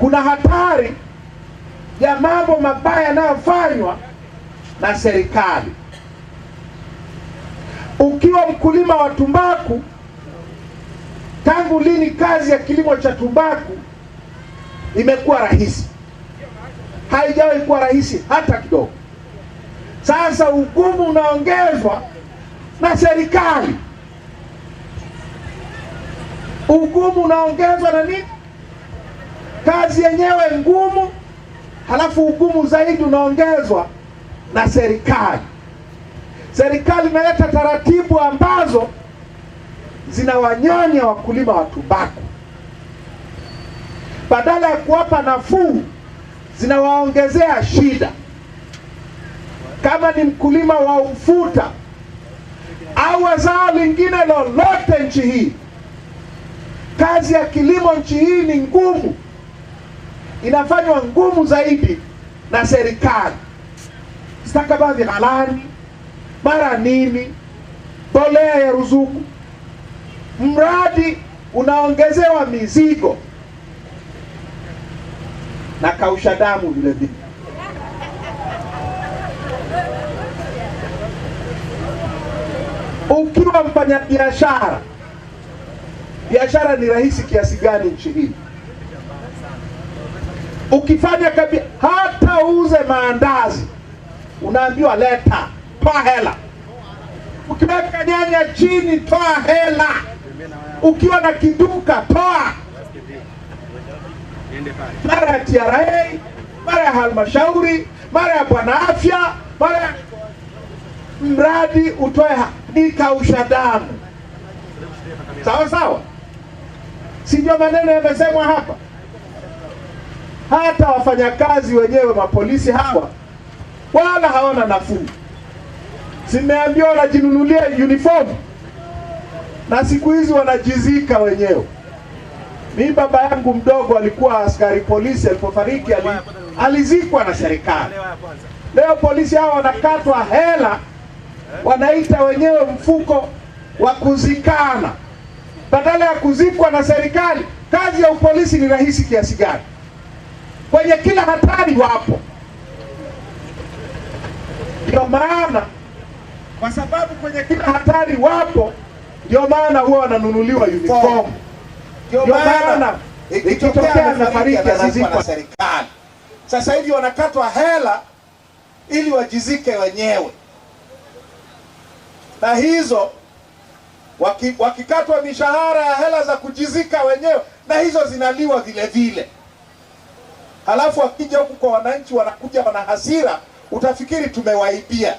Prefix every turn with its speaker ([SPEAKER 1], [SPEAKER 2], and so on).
[SPEAKER 1] kuna hatari ya mambo mabaya yanayofanywa na serikali. Ukiwa mkulima wa tumbaku, tangu lini kazi ya kilimo cha tumbaku imekuwa rahisi? Haijawahi kuwa rahisi hata kidogo. Sasa ugumu unaongezwa na serikali, ugumu unaongezwa na nini? kazi yenyewe ngumu, halafu ugumu zaidi unaongezwa na serikali. Serikali imeleta taratibu ambazo zinawanyonya wakulima wa tumbaku, badala ya kuwapa nafuu zinawaongezea shida. Kama ni mkulima wa ufuta au zao lingine lolote nchi hii, kazi ya kilimo nchi hii ni ngumu inafanywa ngumu zaidi na serikali, stakabadhi ghalani, mara nini, bolea ya ruzuku, mradi unaongezewa mizigo na kausha damu vile vile. Ukiwa biashara, biashara ni rahisi kiasi gani nchi hii? Ukifanya kabi, hata uuze maandazi unaambiwa leta, toa hela. Ukiweka nyanya chini, toa hela. Ukiwa na kiduka, toa mara ya TRA, mara ya halmashauri, mara ya bwana afya, mara ya mradi utoe, nikausha damu. Sawa sawa, sijua maneno yamesemwa hapa? hata wafanyakazi wenyewe mapolisi hawa wala hawana nafuu. Simeambiwa wanajinunulia uniform na siku hizi wanajizika wenyewe. Mi baba yangu mdogo alikuwa askari polisi, alipofariki ali, alizikwa na serikali. Leo polisi hawa wanakatwa hela, wanaita wenyewe mfuko wa kuzikana badala ya kuzikwa na serikali. Kazi ya upolisi ni rahisi kiasi gani? kwenye kila hatari wapo. Ndio maana kwa sababu kwenye kila hatari wapo, ndio maana huwa wananunuliwa uniform, ndio maana ikitokea anafariki anazikwa na serikali. Sasa hivi wanakatwa hela ili wajizike wenyewe, na hizo wakikatwa waki mishahara ya hela za kujizika wenyewe, na hizo zinaliwa vile vile halafu akija huku kwa wananchi wanakuja wana hasira, utafikiri tumewaibia.